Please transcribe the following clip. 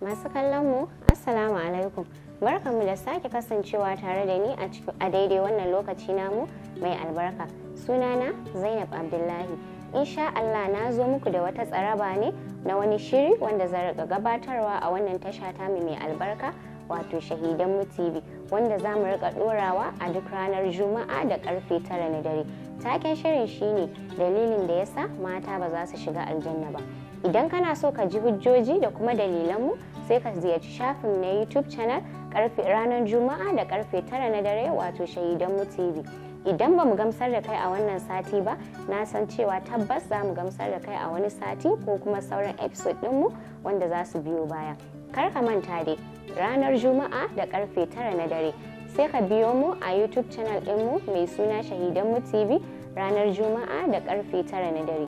Masu kallon mu, Assalamu alaikum. Barkanmu da sake kasancewa tare da ni a daidai wannan lokaci namu mai albarka. Sunana Zainab Abdullahi. insha Allah na zo muku da wata tsaraba ne na wani shiri wanda za riga gabatarwa a wannan tasha ta mai albarka wato shahidan mu wanda za mu rika dorawa a duk ranar Juma'a da karfe tara na dare. Taken shirin shine dalilin da yasa mata ba za su shiga aljanna ba. Idan kana so ka ji hujjoji da kuma dalilan mu sai ka ziyarci shafin na YouTube channel karfe ranar juma'a da karfe tara na dare wato shahidan mu idan ba mu gamsar da kai a wannan sati ba na san cewa tabbas za mu gamsar da kai a wani sati ko kuma sauran episode dinmu wanda za su biyo baya kar ka manta dai ranar juma'a da karfe tara na dare sai ka biyo mu a youtube channel dinmu mai suna shahidan mu tv ranar juma'a da karfe tara na dare